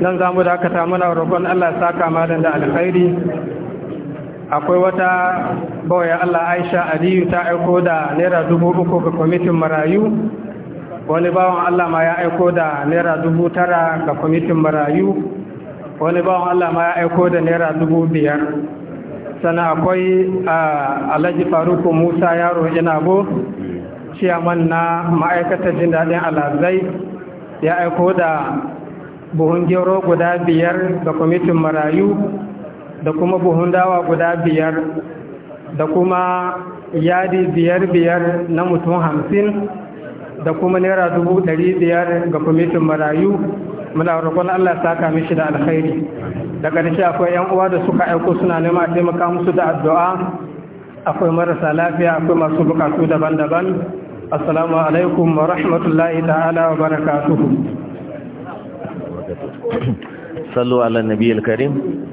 nan za mu dakata muna roƙon Allah saka malam da alkhairi akwai wata bawaya Allah Aisha Aliyu ta aiko da naira dubu uku ga kwamitin marayu wani bawan Allah ma ya aiko da naira dubu tara ga kwamitin marayu wani bawan Allah ma ya aiko da naira dubu biyar sana akwai alhaji faruku musa yaro go ciyaman na ma'aikatar jin daɗin alazai ya aiko da buhun gero guda biyar da kwamitin marayu da kuma buhun dawa guda biyar da kuma yadi biyar biyar na mutum hamsin da kuma naira dubu ɗari biyar ga kwamitin marayu muna roƙon Allah saka mishi da alkhairi da ƙarshe akwai 'yan uwa da suka aiko suna nema a taimaka musu da addu'a akwai marasa lafiya akwai masu bukatu daban-daban assalamu alaikum wa rahmatullahi ta'ala wa barakatuhu sallu ala nabiyil karim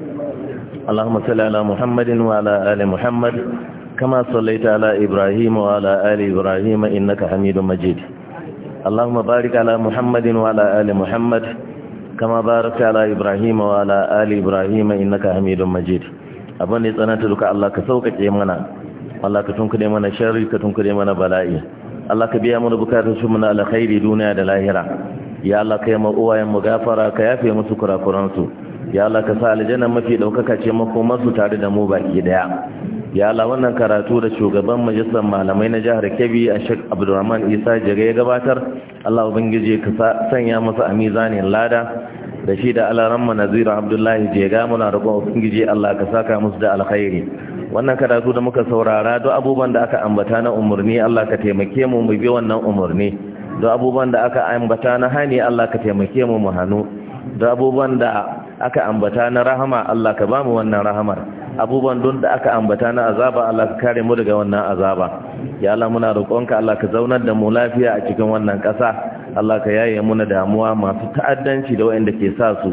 اللهم صل على محمد وعلى آل محمد كما صليت على إبراهيم وعلى آل إبراهيم إنك حميد مجيد اللهم بارك على محمد وعلى آل محمد كما باركت على إبراهيم وعلى آل إبراهيم إنك حميد مجيد abin da ya tsananta duka Allah ka sauƙaƙe mana Allah ka tunkure mana ka mana bala'i Allah ka biya mana bukatun su muna alkhairi duniya da lahira ya Allah ka yi mu uwayen mu gafara ka yafe musu kurakuran su ya Allah ka sa aljanna mafi ɗaukaka ce makomar su tare da mu baki daya ya Allah wannan karatu da shugaban majalisar malamai na jihar Kebbi a Sheikh Abdulrahman Isa Jage ya gabatar Allah ubangije ka sanya masa a mizanin lada da shi da alaran manazira Abdullahi Jega muna roƙon ubangije Allah ka saka musu da alkhairi wannan karatu da muka saurara duk abubuwan da aka ambata na umarni Allah ka taimake mu mu bi wannan umarni duk abubuwan da aka ambata na hani Allah ka taimake mu mu hanu duk abubuwan da aka ambata na rahama Allah ka ba mu wannan rahamar abubuwan don da aka ambata na azaba Allah ka kare mu daga wannan azaba ya Allah muna roƙonka Allah ka zaunar da mu lafiya a cikin wannan ƙasa Allah ka yaye mu na damuwa masu ta'addanci da waɗanda ke sa su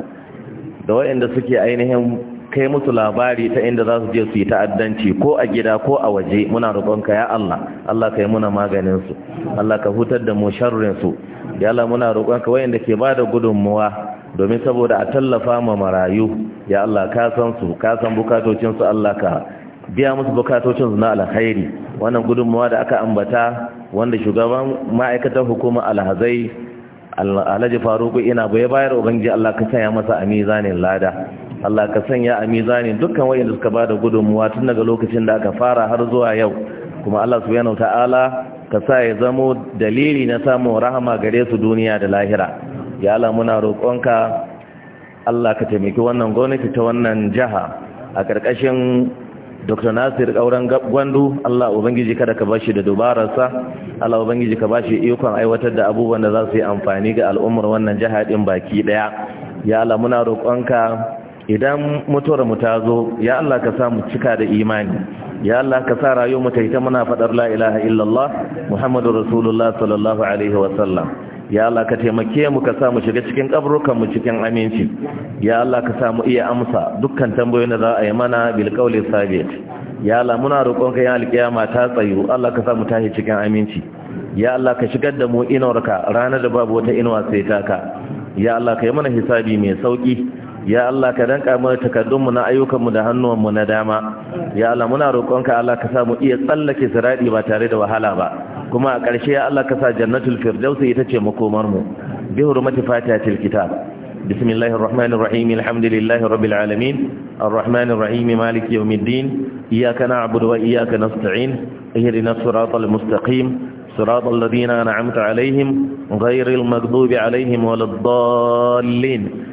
da waɗanda suke ainihin kai musu labari ta inda za su je su yi ta'addanci ko a gida ko a waje muna roƙonka ya Allah Allah ka yi muna maganin su Allah ka hutar da mu sharrin su ya Allah muna roƙonka wayanda ke bada gudunmuwa domin saboda a tallafa ma marayu ya Allah ka san su ka san bukatocin su Allah ka biya musu bukatocin su na alkhairi wannan gudunmuwa da aka ambata wanda shugaban ma'aikatar hukumar alhazai Alhaji Faruku ina bai bayar ubangi Allah ka saya masa a mizanin lada Allah ka sanya a mizanin dukkan wayanda suka bada gudunmuwa tun daga lokacin da aka fara har zuwa yau kuma Allah subhanahu ta'ala ka sa ya zamo dalili na samun rahama gare su duniya da lahira ya Allah muna roƙonka Allah ka taimaki wannan gwamnati ta wannan jiha a ƙarƙashin Dr. Nasir Kauran Gwandu Allah ubangiji kada ka bashi da dubararsa Allah ubangiji ka bashi ikon aiwatar da abubuwan da za su yi amfani ga al'ummar wannan jiha din baki daya ya Allah muna roƙonka idan mutuwar mu ta zo ya Allah ka samu cika da imani ya Allah ka sa rayuwar mu ta ita muna fadar la ilaha illallah muhammadur rasulullah sallallahu alaihi wa sallam ya Allah ka taimake mu ka samu shiga cikin kabrukan mu cikin aminci ya Allah ka samu iya amsa dukkan tambayoyin da za a yi mana bil qawli sabit ya Allah muna roƙon ka ya alkiyama ta tsayu Allah ka samu tashi cikin aminci ya Allah ka shigar da mu inuwarka ranar da babu wata inuwa sai taka ya Allah ka yi mana hisabi mai sauki ya Allah ka danka mana takardunmu na ayyukanmu da hannuwanmu na dama ya Allah muna roƙonka Allah ka sa mu iya tsallake siradi ba tare da wahala ba kuma a ƙarshe ya Allah ka sa jannatul firdaus ita ce makomar mu bi hurmati fatihatil kitab bismillahir rahmanir rahim alhamdulillahi rabbil alamin arrahmanir rahim maliki yawmiddin iyyaka na'budu wa iyyaka nasta'in ihdinas siratal mustaqim صراط الذين أنعمت عليهم غير المغضوب عليهم ولا الضالين